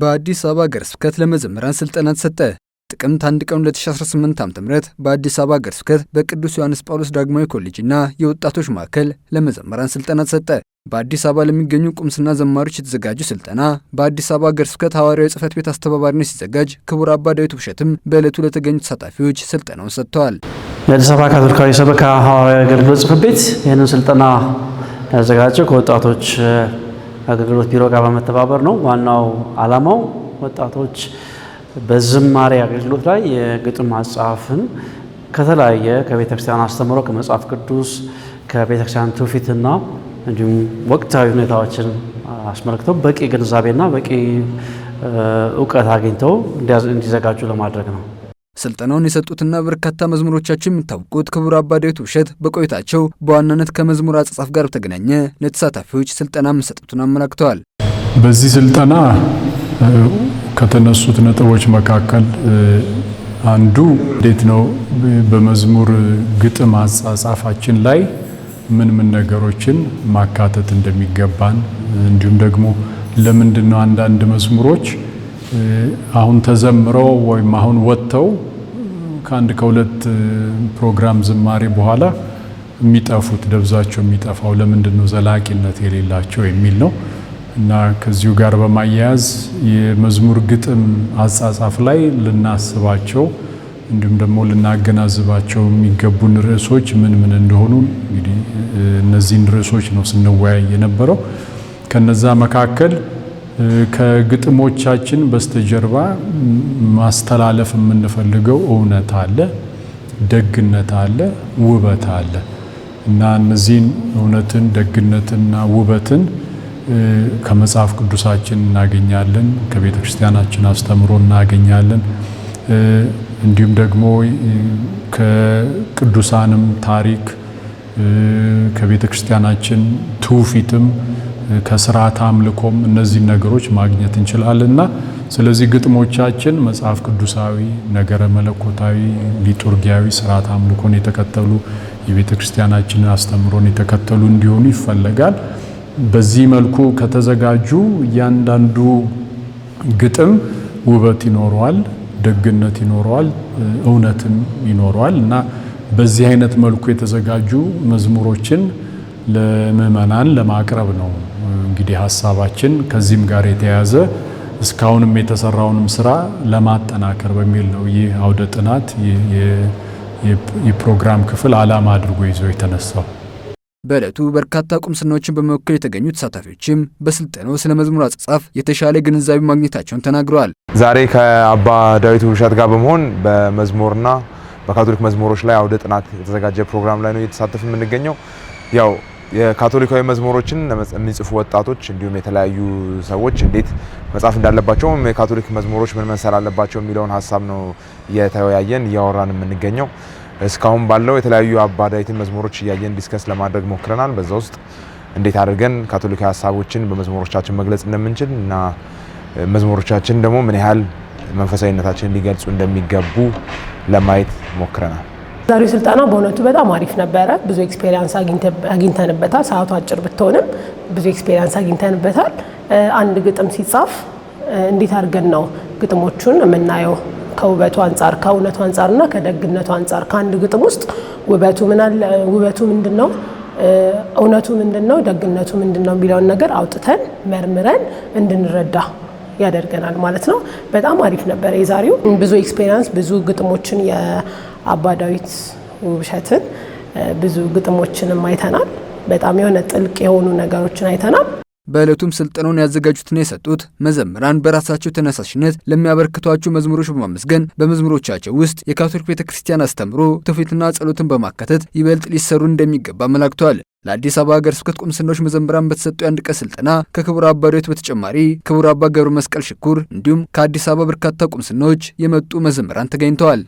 በአዲስ አበባ ሀገረ ስብከት ለመዘምራን ስልጠና ተሰጠ። ጥቅምት 1 ቀን 2018 ዓ.ም በአዲስ አበባ ሀገረ ስብከት በቅዱስ ዮሐንስ ጳውሎስ ዳግማዊ ኮሌጅና የወጣቶች ማዕከል ለመዘምራን ስልጠና ተሰጠ። በአዲስ አበባ ለሚገኙ ቁምስና ዘማሪዎች የተዘጋጁ ስልጠና በአዲስ አበባ ሀገረ ስብከት ሐዋርያዊ ጽሕፈት ቤት አስተባባሪነት ሲዘጋጅ ክቡር አባ ዳዊት ውብሸትም በዕለቱ ለተገኙ ተሳታፊዎች ስልጠናውን ሰጥተዋል። የአዲስ አበባ ካቶሊካዊ ሰበካ ሐዋርያዊ አገልግሎት ጽሕፈት ቤት ይህንን ስልጠና ያዘጋጀው ከወጣቶች ከአገልግሎት ቢሮ ጋር በመተባበር ነው። ዋናው ዓላማው ወጣቶች በዝማሬ አገልግሎት ላይ የግጥም መጽሐፍን ከተለያየ ከቤተክርስቲያን አስተምሮ ከመጽሐፍ ቅዱስ ከቤተክርስቲያን ትውፊትና እንዲሁም ወቅታዊ ሁኔታዎችን አስመልክተው በቂ ግንዛቤና በቂ እውቀት አግኝተው እንዲዘጋጁ ለማድረግ ነው። ስልጠናውን የሰጡትና በርካታ መዝሙሮቻቸው የሚታወቁት ክቡር አባ ዳዊት ውሸት በቆይታቸው በዋናነት ከመዝሙር አጻጻፍ ጋር በተገናኘ ለተሳታፊዎች ስልጠና መሰጠቱን አመላክተዋል። በዚህ ስልጠና ከተነሱት ነጥቦች መካከል አንዱ እንዴት ነው በመዝሙር ግጥም አጻጻፋችን ላይ ምን ምን ነገሮችን ማካተት እንደሚገባን እንዲሁም ደግሞ ለምንድን ነው አንዳንድ መዝሙሮች አሁን ተዘምረው ወይም አሁን ወጥተው ከአንድ ከሁለት ፕሮግራም ዝማሬ በኋላ የሚጠፉት ደብዛቸው የሚጠፋው ለምንድን ነው ዘላቂነት የሌላቸው የሚል ነው እና ከዚሁ ጋር በማያያዝ የመዝሙር ግጥም አጻጻፍ ላይ ልናስባቸው እንዲሁም ደግሞ ልናገናዝባቸው የሚገቡን ርዕሶች ምን ምን እንደሆኑ እንግዲህ እነዚህን ርዕሶች ነው ስንወያይ የነበረው። ከነዛ መካከል ከግጥሞቻችን በስተጀርባ ማስተላለፍ የምንፈልገው እውነት አለ፣ ደግነት አለ፣ ውበት አለ እና እነዚህን እውነትን፣ ደግነትና ውበትን ከመጽሐፍ ቅዱሳችን እናገኛለን፣ ከቤተ ክርስቲያናችን አስተምሮ እናገኛለን። እንዲሁም ደግሞ ከቅዱሳንም ታሪክ ከቤተ ክርስቲያናችን ትውፊትም ከስርዓት አምልኮም እነዚህን ነገሮች ማግኘት እንችላለንና ስለዚህ ግጥሞቻችን መጽሐፍ ቅዱሳዊ፣ ነገረ መለኮታዊ፣ ሊቱርጊያዊ ስርዓት አምልኮን የተከተሉ የቤተ ክርስቲያናችንን አስተምሮን የተከተሉ እንዲሆኑ ይፈለጋል። በዚህ መልኩ ከተዘጋጁ እያንዳንዱ ግጥም ውበት ይኖረዋል፣ ደግነት ይኖረዋል፣ እውነትም ይኖረዋል እና በዚህ አይነት መልኩ የተዘጋጁ መዝሙሮችን ለምዕመናን ለማቅረብ ነው። እንግዲህ ሀሳባችን ከዚህም ጋር የተያያዘ እስካሁንም የተሰራውንም ስራ ለማጠናከር በሚል ነው። ይህ አውደ ጥናት የፕሮግራም ክፍል ዓላማ አድርጎ ይዞ የተነሳው። በዕለቱ በርካታ ቁምስናዎችን በመወከል የተገኙ ተሳታፊዎችም በስልጠናው ስለ መዝሙር አጻጻፍ የተሻለ ግንዛቤ ማግኘታቸውን ተናግረዋል። ዛሬ ከአባ ዳዊት ብሻት ጋር በመሆን በመዝሙርና በካቶሊክ መዝሙሮች ላይ አውደ ጥናት የተዘጋጀ ፕሮግራም ላይ ነው እየተሳተፍ የምንገኘው ያው የካቶሊካዊ መዝሙሮችን የሚጽፉ ወጣቶች እንዲሁም የተለያዩ ሰዎች እንዴት መጻፍ እንዳለባቸውም የካቶሊክ መዝሙሮች ምን መሰል አለባቸው የሚለውን ሀሳብ ነው እየተወያየን እያወራን የምንገኘው። እስካሁን ባለው የተለያዩ አባዳይትን መዝሙሮች እያየን ዲስከስ ለማድረግ ሞክረናል። በዛ ውስጥ እንዴት አድርገን ካቶሊካዊ ሀሳቦችን በመዝሙሮቻችን መግለጽ እንደምንችል እና መዝሙሮቻችን ደግሞ ምን ያህል መንፈሳዊነታችን ሊገልጹ እንደሚገቡ ለማየት ሞክረናል። ዛሬው ስልጠና በእውነቱ በጣም አሪፍ ነበረ። ብዙ ኤክስፔሪንስ አግኝተንበታል። ሰዓቱ አጭር ብትሆንም ብዙ ኤክስፔሪንስ አግኝተንበታል። አንድ ግጥም ሲጻፍ እንዴት አድርገን ነው ግጥሞቹን የምናየው? ከውበቱ አንጻር፣ ከእውነቱ አንጻርና ከደግነቱ አንጻር ከአንድ ግጥም ውስጥ ውበቱ ውበቱ ምንድን ነው እውነቱ ምንድን ነው ደግነቱ ምንድን ነው የሚለውን ነገር አውጥተን መርምረን እንድንረዳ ያደርገናል ማለት ነው። በጣም አሪፍ ነበረ የዛሬው። ብዙ ኤክስፔሪንስ ብዙ ግጥሞችን አባዳዊት ውብሸትን ብዙ ግጥሞችንም አይተናል። በጣም የሆነ ጥልቅ የሆኑ ነገሮችን አይተናል። በዕለቱም ስልጠናውን ያዘጋጁትና የሰጡት መዘምራን በራሳቸው ተነሳሽነት ለሚያበረክቷቸው መዝሙሮች በማመስገን በመዝሙሮቻቸው ውስጥ የካቶሊክ ቤተ ክርስቲያን አስተምሮ ትውፊትና ጸሎትን በማካተት ይበልጥ ሊሰሩ እንደሚገባ አመላክተዋል። ለአዲስ አበባ ሀገረ ስብከት ቁምስናዎች መዘምራን በተሰጡ የአንድ ቀን ስልጠና ከክቡር አባ ዳዊት በተጨማሪ ክቡር አባ ገብረ መስቀል ሽኩር እንዲሁም ከአዲስ አበባ በርካታ ቁምስናዎች የመጡ መዘምራን ተገኝተዋል።